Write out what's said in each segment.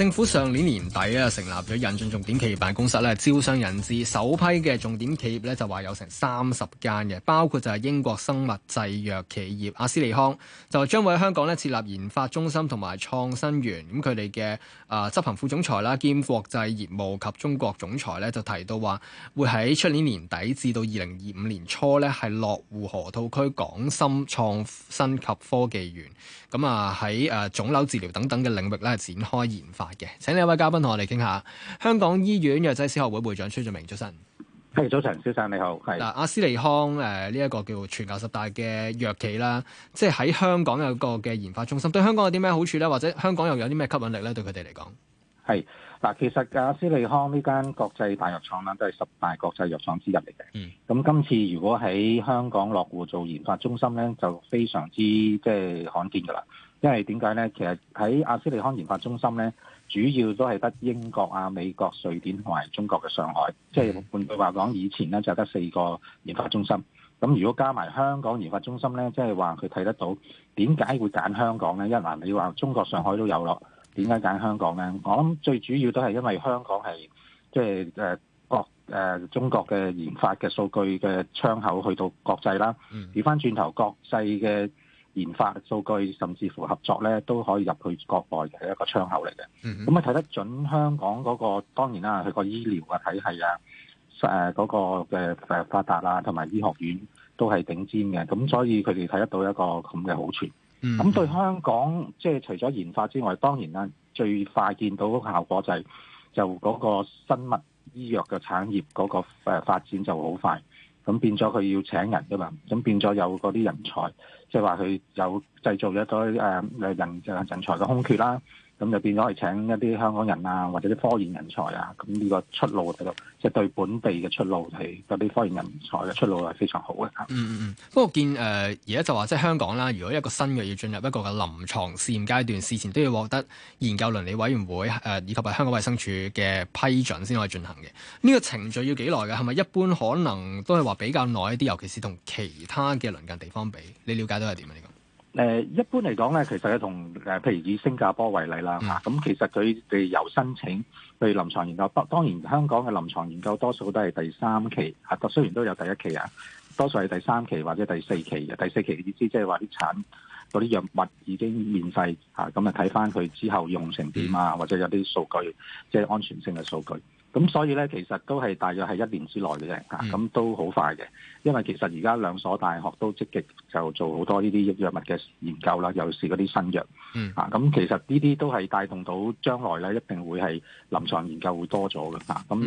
政府上年年底啊，成立咗引進重點企業辦公室咧，招商引資首批嘅重點企業咧，就話有成三十間嘅，包括就係英國生物製藥企業阿斯利康，就將會喺香港咧設立研發中心同埋創新園。咁佢哋嘅啊執行副總裁啦，兼國際業務及中國總裁咧，就提到話會喺出年年底至到二零二五年初咧，係落戶河套區港深創新及科技園。咁啊喺誒腫瘤治療等等嘅領域咧展開研發。嘅，yeah. 請呢位嘉賓同我哋傾下。香港醫院藥劑師學會會長崔俊明早晨。係早晨，先生你好。係嗱，阿斯利康誒呢一個叫全球十大嘅藥企啦，即係喺香港有個嘅研發中心，對香港有啲咩好處咧？或者香港又有啲咩吸引力咧？對佢哋嚟講，係。嗱，其實阿斯利康呢間國際大藥廠咧，都係十大國際藥廠之一嚟嘅。咁今次如果喺香港落戶做研發中心咧，就非常之即係罕見㗎啦。因為點解咧？其實喺阿斯利康研發中心咧，主要都係得英國啊、美國、瑞典同埋中國嘅上海。即係換句話講，hmm. 以前咧就得四個研發中心。咁如果加埋香港研發中心咧，即係話佢睇得到點解會揀香港咧？因為你話中國上海都有咯。點解揀香港咧？我諗最主要都係因為香港係即係誒國誒、呃、中國嘅研發嘅數據嘅窗口去到國際啦。調返轉頭國際嘅研發數據，甚至乎合作咧，都可以入去國內嘅一個窗口嚟嘅。咁啊睇得準香港嗰、那個當然啦、啊，佢個醫療嘅體系啊誒嗰、啊那個嘅誒發達啊，同埋醫學院都係頂尖嘅，咁所以佢哋睇得到一個咁嘅好處。咁、mm hmm。對香港，即係除咗研發之外，當然啦，最快見到效果就係就嗰個生物醫藥嘅產業嗰個誒發展就好快，咁變咗佢要請人噶嘛，咁變咗有嗰啲人才，即係話佢有製造一堆誒誒人誒人才嘅空缺啦。咁就變咗係請一啲香港人啊，或者啲科研人才啊，咁呢個出路喺、就、度、是，即、就、係、是、對本地嘅出路係嗰啲科研人才嘅出路係非常好嘅、嗯。嗯嗯嗯，不過見誒而家就話即係香港啦，如果一個新嘅要進入一個嘅臨床試驗階段，事前都要獲得研究倫理委員會誒、呃、以及係香港衛生處衞生署嘅批准先可以進行嘅。呢、這個程序要幾耐㗎？係咪一般可能都係話比較耐一啲，尤其是同其他嘅鄰近地方比，你了解到係點啊？呢、這個誒一般嚟講咧，其實佢同誒，譬如以新加坡為例啦，咁其實佢哋由申請去臨床研究。當當然，香港嘅臨床研究多數都係第三期啊，雖然都有第一期啊，多數係第三期或者第四期嘅。第四期嘅意思即係話啲產嗰啲藥物已經面世嚇，咁啊睇翻佢之後用成點啊，或者有啲數據，即係安全性嘅數據。咁所以咧，其實都係大約係一年之內嘅啫，嚇、啊、咁都好快嘅。因為其實而家兩所大學都積極就做好多呢啲藥物嘅研究啦，尤其是嗰啲新藥、啊。嗯。嚇咁、嗯、其實呢啲都係帶動到將來咧，一定會係臨床研究會多咗嘅。嚇、啊、咁，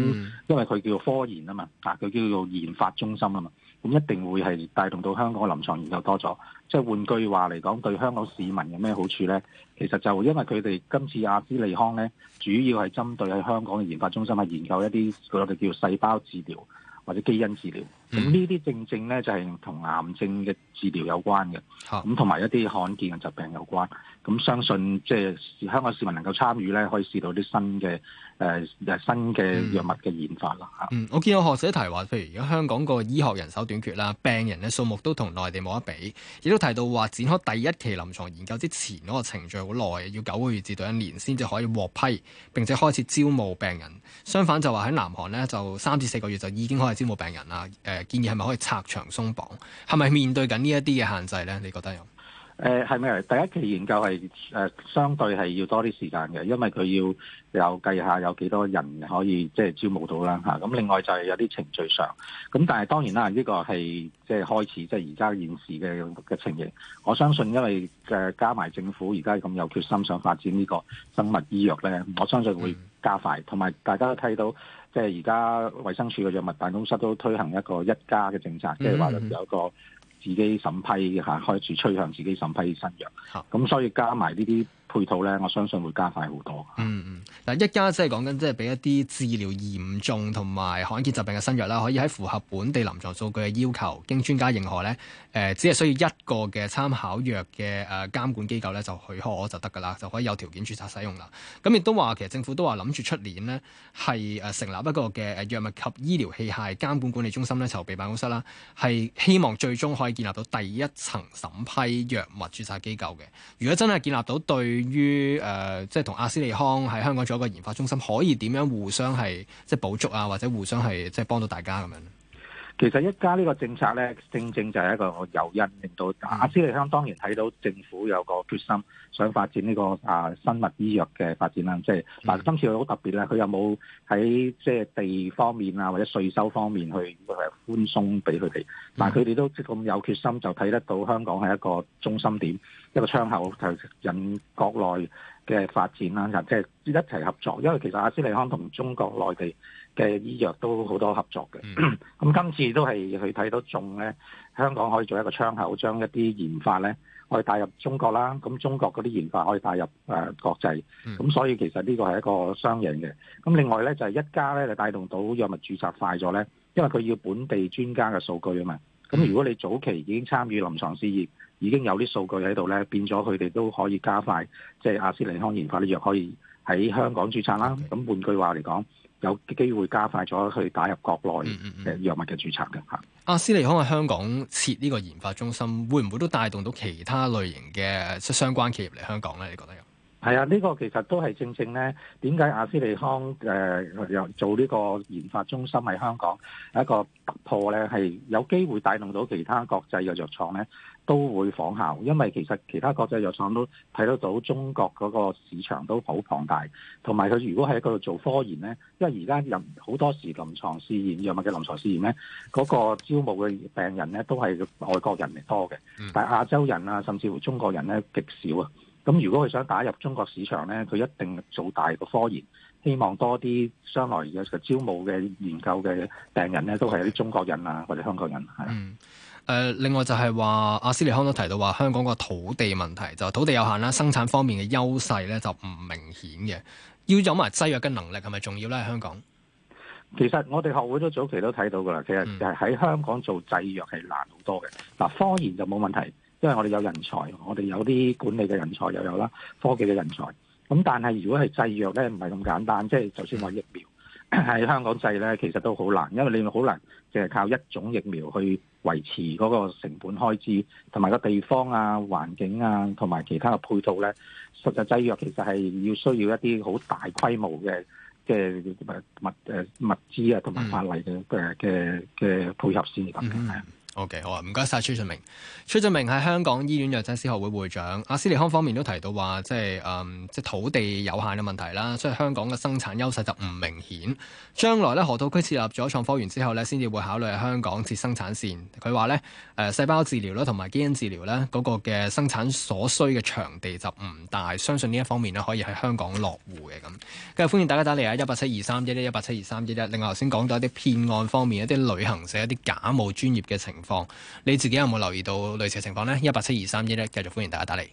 因為佢叫做科研啊嘛，嚇佢叫做研發中心啊嘛，咁一定會係帶動到香港臨床研究多咗。即係換句話嚟講，對香港市民有咩好處咧？其實就因為佢哋今次阿斯利康咧，主要係針對喺香港嘅研發中心啊。研究一啲佢哋叫細胞治療或者基因治療。咁呢啲正正咧就係同癌症嘅治療有關嘅，咁同埋一啲罕見嘅疾病有關。咁相信即係香港市民能夠參與咧，可以試到啲新嘅誒誒新嘅藥物嘅研發啦嚇、嗯。我見有學者提話，譬如而家香港個醫學人手短缺啦，病人嘅數目都同內地冇得比，亦都提到話展開第一期臨床研究之前嗰個程序好耐，要九個月至到一年先至可以獲批，並且開始招募病人。相反就話喺南韓呢，就三至四個月就已經開始招募病人啦，誒、呃。呃呃呃呃呃建議係咪可以拆牆鬆綁？係咪面對緊呢一啲嘅限制咧？你覺得有？誒係咪第一期研究係誒、呃、相對係要多啲時間嘅？因為佢要有計下有幾多人可以即係招募到啦嚇。咁、啊、另外就係有啲程序上。咁但係當然啦，呢、這個係即係開始，即係而家現時嘅嘅情形。我相信因為誒加埋政府而家咁有決心想發展呢個生物醫藥咧，我相信會加快。同埋、嗯、大家都睇到。即係而家，衛生署嘅藥物辦公室都推行一個一加嘅政策，即係話有個。自己審批吓開始趨向自己審批新藥吓，咁、啊、所以加埋呢啲配套咧，我相信會加快好多。嗯嗯，嗱、嗯，一家即係講緊即係俾一啲治療嚴重同埋罕見疾病嘅新藥啦，可以喺符合本地臨床數據嘅要求，經專家認可咧，誒、呃、只係需要一個嘅參考藥嘅誒監管機構咧就許可就得噶啦，就可以有條件註冊使用啦。咁亦都話，其實政府都話諗住出年咧係誒成立一個嘅藥物及醫療器械監管管理中心咧籌備辦公室啦，係希望最終可以。建立到第一層審批藥物註冊機構嘅，如果真係建立到對於誒、呃，即係同阿斯利康喺香港做一個研發中心，可以點樣互相係即係補足啊，或者互相係即係幫到大家咁樣？其實一家呢個政策呢，正正就係一個誘因，令到阿斯利康當然睇到政府有個決心，想發展呢、這個啊生物醫藥嘅發展啦。即係嗱，今、mm hmm. 次佢好特別啦，佢有冇喺即係地方面啊，或者稅收方面去誒寬鬆俾佢哋？Mm hmm. 但係佢哋都咁有決心，就睇得到香港係一個中心點，一個窗口就是、引國內嘅發展啦，即、就、係、是、一齊合作。因為其實阿斯利康同中國內地。嘅醫藥都好多合作嘅，咁、 嗯 嗯、今次都係佢睇到仲呢，仲咧香港可以做一個窗口，將一啲研發咧可以帶入中國啦，咁中國嗰啲研發可以帶入誒、呃、國際，咁、嗯嗯嗯、所以其實呢個係一個雙贏嘅。咁、嗯、另外咧就係、是、一家咧就帶動到藥物註冊快咗咧，因為佢要本地專家嘅數據啊嘛。咁、嗯嗯、如果你早期已經參與臨床試驗，已經有啲數據喺度咧，變咗佢哋都可以加快，即、就、係、是、阿斯利康研發啲藥可以喺香港註冊啦。咁換句話嚟講。有機會加快咗去打入國內嘅藥物嘅註冊嘅嚇。嗯嗯。阿斯利康喺香港設呢個研發中心，會唔會都帶動到其他類型嘅相關企業嚟香港呢？你覺得有。係啊，呢、這個其實都係正正呢，點解阿斯利康誒、呃、做呢個研發中心喺香港，一個突破呢係有機會帶動到其他國際嘅藥廠呢都會仿效，因為其實其他國際藥廠都睇得到中國嗰個市場都好龐大，同埋佢如果喺嗰度做科研呢，因為而家有好多時臨床試驗藥物嘅臨床試驗呢，嗰、那個招募嘅病人呢都係外國人嚟多嘅，但係亞洲人啊，甚至乎中國人呢，極少啊。咁如果佢想打入中國市場呢，佢一定做大個科研，希望多啲將來嘅招募嘅研究嘅病人呢，都係有啲中國人啊或者香港人。嗯，誒、呃，另外就係話，阿斯利康都提到話，香港個土地問題就是、土地有限啦，生產方面嘅優勢呢就唔明顯嘅，要有埋製藥嘅能力係咪重要呢？香港？其實我哋學會咗早期都睇到噶啦，其實就係喺香港做製藥係難好多嘅，嗱、嗯，科研就冇問題。因為我哋有人才，我哋有啲管理嘅人才又有啦，科技嘅人才。咁但係如果係製藥咧，唔係咁簡單。即係就算話疫苗喺 香港製咧，其實都好難，因為你好難淨係靠一種疫苗去維持嗰個成本開支，同埋個地方啊、環境啊，同埋其他嘅配套咧。實際製藥其實係要需要一啲好大規模嘅即係物物物資啊同埋法例嘅嘅嘅配合先得嘅。嗯嗯。O.K. 好啊，唔該晒。崔俊明。崔俊明係香港醫院藥劑師學會會長。阿斯利康方面都提到話，即係、嗯、即土地有限嘅問題啦。所以香港嘅生產優勢就唔明顯。將來咧，河套區設立咗創科園之後咧，先至會考慮喺香港設生產線。佢話呢，誒、呃，細胞治療啦，同埋基因治療呢，嗰個嘅生產所需嘅場地就唔大，相信呢一方面咧可以喺香港落戶嘅咁。咁啊，歡迎大家打嚟啊，一八七二三一一一八七二三一一。另外頭先講到一啲騙案方面，一啲旅行社一啲假冒專業嘅情況。況你自己有冇留意到類似嘅情況呢？一八七二三一呢，繼續歡迎大家打嚟。